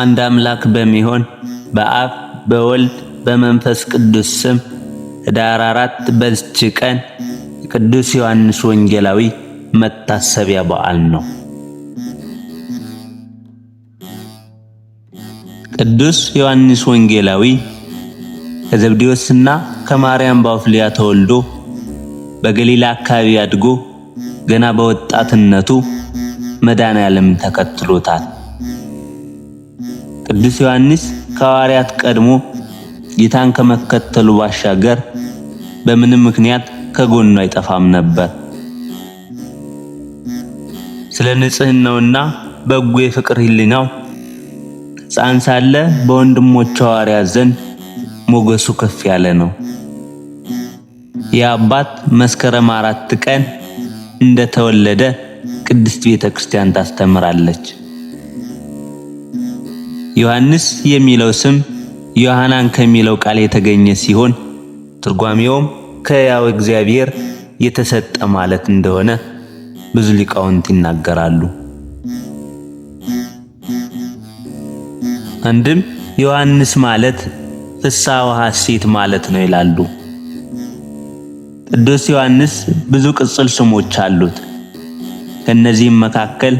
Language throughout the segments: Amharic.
አንድ አምላክ በሚሆን በአብ በወልድ በመንፈስ ቅዱስ ስም ህዳር አራት በዝች ቀን ቅዱስ ዮሐንስ ወንጌላዊ መታሰቢያ በዓል ነው። ቅዱስ ዮሐንስ ወንጌላዊ ከዘብዴዎስና ከማርያም ባውፍሊያ ተወልዶ በገሊላ አካባቢ አድጎ ገና በወጣትነቱ መድኃኔ ዓለም ተከትሎታል። ቅዱስ ዮሐንስ ከሐዋርያት ቀድሞ ጌታን ከመከተሉ ባሻገር በምንም ምክንያት ከጎኑ አይጠፋም ነበር። ስለ ንጽህናውና በጎ የፍቅር ህሊናው ሕፃን ሳለ በወንድሞቹ ሐዋርያት ዘንድ ሞገሱ ከፍ ያለ ነው። የአባት መስከረም አራት ቀን እንደተወለደ ቅድስት ቤተ ክርስቲያን ታስተምራለች። ዮሐንስ የሚለው ስም ዮሐናን ከሚለው ቃል የተገኘ ሲሆን ትርጓሜውም ከሕያው እግዚአብሔር የተሰጠ ማለት እንደሆነ ብዙ ሊቃውንት ይናገራሉ። አንድም ዮሐንስ ማለት ፍስሐ ወሐሴት ማለት ነው ይላሉ። ቅዱስ ዮሐንስ ብዙ ቅጽል ስሞች አሉት። ከእነዚህም መካከል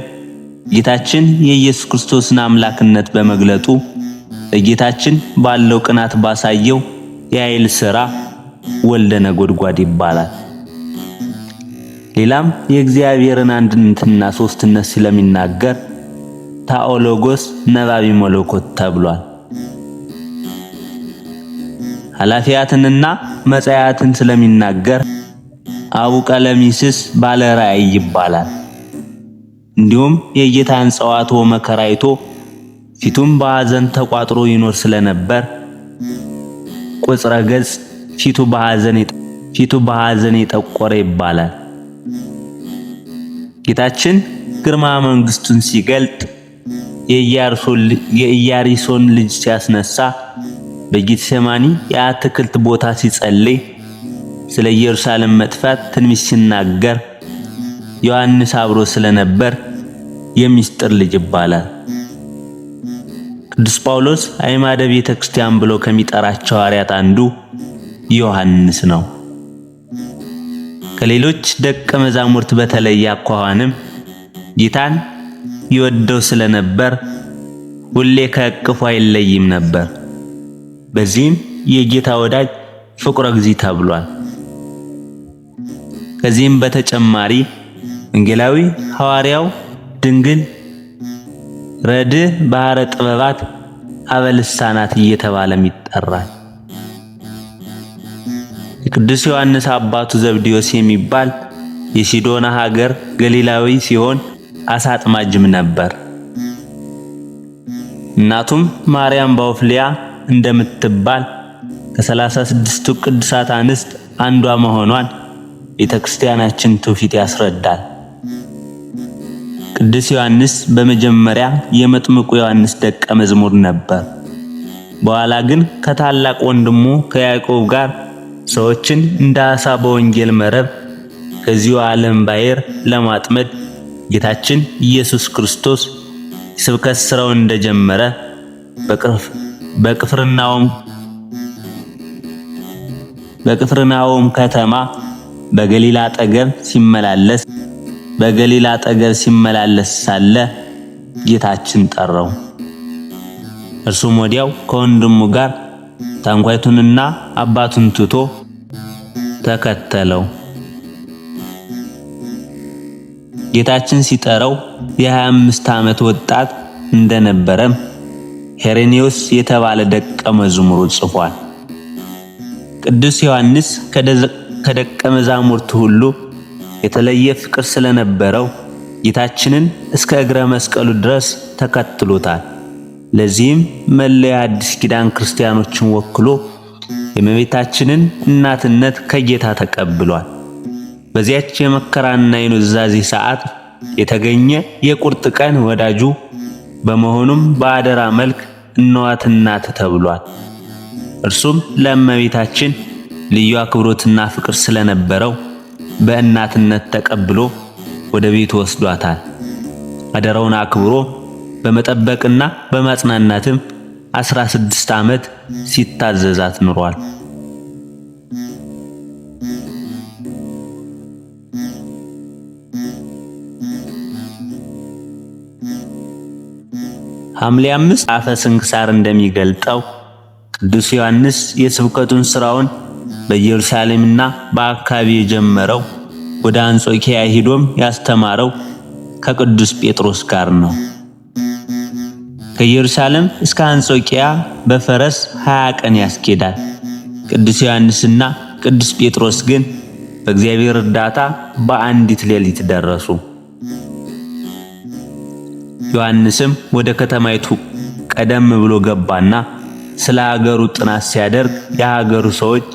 ጌታችን የኢየሱስ ክርስቶስን አምላክነት በመግለጡ ጌታችን ባለው ቅናት ባሳየው የኃይል ሥራ ወልደ ነጎድጓድ ይባላል። ሌላም የእግዚአብሔርን አንድነትና ሶስትነት ስለሚናገር ታኦሎጎስ ነባቢ መለኮት ተብሏል። ኃላፊያትንና መጻያትን ስለሚናገር አቡ ቀለሚስስ ባለ ራእይ ይባላል። እንዲሁም የጌታን ጸዋትወ መከራ አይቶ ፊቱም በሐዘን ተቋጥሮ ይኖር ስለነበር ቁጽረ ገጽ ፊቱ በሐዘን ፊቱ በሐዘን የጠቆረ ይባላል። ጌታችን ግርማ መንግስቱን ሲገልጥ የኢያሪሶን ልጅ ሲያስነሳ፣ በጌተሰማኒ የአትክልት ቦታ ሲጸልይ፣ ስለ ኢየሩሳሌም መጥፋት ትንቢት ሲናገር ዮሐንስ አብሮ ስለነበር የሚስጥር ልጅ ይባላል። ቅዱስ ጳውሎስ አይማደ ቤተ ክርስቲያን ብሎ ከሚጠራቸው ሐዋርያት አንዱ ዮሐንስ ነው። ከሌሎች ደቀ መዛሙርት በተለየ አኳኋንም ጌታን ይወደው ስለነበር ሁሌ ከእቅፉ አይለይም ነበር። በዚህም የጌታ ወዳጅ ፍቁረ እግዚእ ተብሏል። ከዚህም በተጨማሪ ወንጌላዊ ሐዋርያው ድንግል ረድ ባህረ ጥበባት አበልሳናት እየተባለም ይጠራል። የቅዱስ ዮሐንስ አባቱ ዘብዲዮስ የሚባል የሲዶና ሀገር ገሊላዊ ሲሆን አሳ አጥማጅም ነበር። እናቱም ማርያም ባውፍሊያ እንደምትባል ከ 36 ቅዱሳት አንስት አንዷ መሆኗን ቤተክርስቲያናችን ትውፊት ያስረዳል። ቅዱስ ዮሐንስ በመጀመሪያ የመጥምቁ ዮሐንስ ደቀ መዝሙር ነበር። በኋላ ግን ከታላቅ ወንድሙ ከያዕቆብ ጋር ሰዎችን እንደ አሳ በወንጌል መረብ ከዚሁ ዓለም ባሕር ለማጥመድ ጌታችን ኢየሱስ ክርስቶስ ስብከት ስራውን እንደጀመረ በቅፍርናውም በቅፍርናውም ከተማ በገሊላ አጠገብ ሲመላለስ በገሊላ አጠገብ ሲመላለስ ሳለ ጌታችን ጠራው። እርሱም ወዲያው ከወንድሙ ጋር ታንኳይቱንና አባቱን ትቶ ተከተለው። ጌታችን ሲጠራው የ25 ዓመት ወጣት እንደነበረም ሄሬኔዎስ የተባለ ደቀ መዝሙሩ ጽፏል። ቅዱስ ዮሐንስ ከደቀ መዛሙርቱ ሁሉ የተለየ ፍቅር ስለነበረው ጌታችንን እስከ እግረ መስቀሉ ድረስ ተከትሎታል። ለዚህም መለያ አዲስ ኪዳን ክርስቲያኖችን ወክሎ የእመቤታችንን እናትነት ከጌታ ተቀብሏል። በዚያች የመከራና የኑዛዜ ሰዓት የተገኘ የቁርጥ ቀን ወዳጁ በመሆኑም በአደራ መልክ እነዋት እናት ተብሏል። እርሱም ለእመቤታችን ልዩ አክብሮትና ፍቅር ስለነበረው በእናትነት ተቀብሎ ወደ ቤት ወስዷታል። አደራውን አክብሮ በመጠበቅና በማጽናናትም አስራ ስድስት ዓመት ሲታዘዛት ኑሯል። ሐምሌ አምስት አፈ ስንክሳር እንደሚገልጠው ቅዱስ ዮሐንስ የስብከቱን ስራውን በኢየሩሳሌምና በአካባቢ የጀመረው ወደ አንጾኪያ ሄዶም ያስተማረው ከቅዱስ ጴጥሮስ ጋር ነው። ከኢየሩሳሌም እስከ አንጾኪያ በፈረስ 20 ቀን ያስኬዳል። ቅዱስ ዮሐንስና ቅዱስ ጴጥሮስ ግን በእግዚአብሔር እርዳታ በአንዲት ሌሊት ደረሱ። ዮሐንስም ወደ ከተማይቱ ቀደም ብሎ ገባና ስለ ሀገሩ ጥናት ሲያደርግ የሀገሩ ሰዎች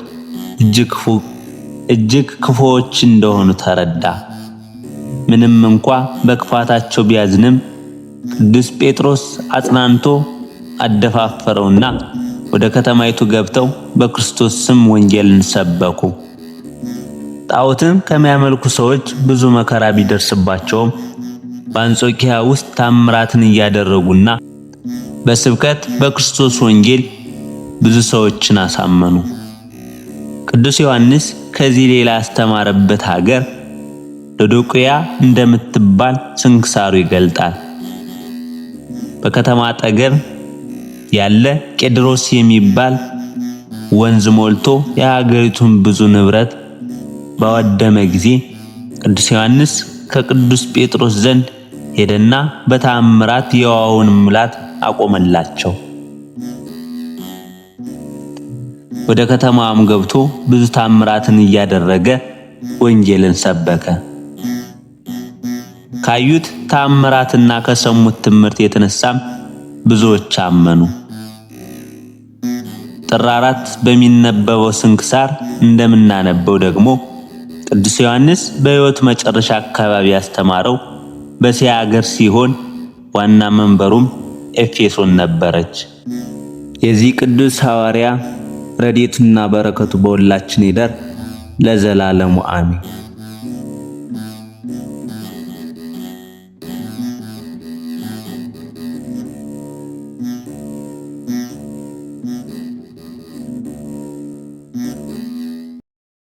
እጅግ ክፉዎች እንደሆኑ ተረዳ። ምንም እንኳ በክፋታቸው ቢያዝንም ቅዱስ ጴጥሮስ አጽናንቶ አደፋፈረውና ወደ ከተማይቱ ገብተው በክርስቶስ ስም ወንጌልን ሰበኩ። ጣዖትን ከሚያመልኩ ሰዎች ብዙ መከራ ቢደርስባቸውም በአንጾኪያ ውስጥ ታምራትን እያደረጉና በስብከት በክርስቶስ ወንጌል ብዙ ሰዎችን አሳመኑ። ቅዱስ ዮሐንስ ከዚህ ሌላ ያስተማረበት ሀገር ሎዶቅያ እንደምትባል ስንክሳሩ ይገልጣል። በከተማ አጠገብ ያለ ቄድሮስ የሚባል ወንዝ ሞልቶ የሀገሪቱን ብዙ ንብረት ባወደመ ጊዜ ቅዱስ ዮሐንስ ከቅዱስ ጴጥሮስ ዘንድ ሄደና በተአምራት የውሃውን ሙላት አቆመላቸው። ወደ ከተማዋም ገብቶ ብዙ ታምራትን እያደረገ ወንጌልን ሰበከ። ካዩት ታምራትና ከሰሙት ትምህርት የተነሳም ብዙዎች አመኑ። ጥር አራት በሚነበበው ስንክሳር እንደምናነበው ደግሞ ቅዱስ ዮሐንስ በህይወት መጨረሻ አካባቢ ያስተማረው በእስያ አገር ሲሆን ዋና መንበሩም ኤፌሶን ነበረች። የዚህ ቅዱስ ሐዋርያ ረዴቱና በረከቱ በሁላችን ይደር ለዘላለሙ አሚን።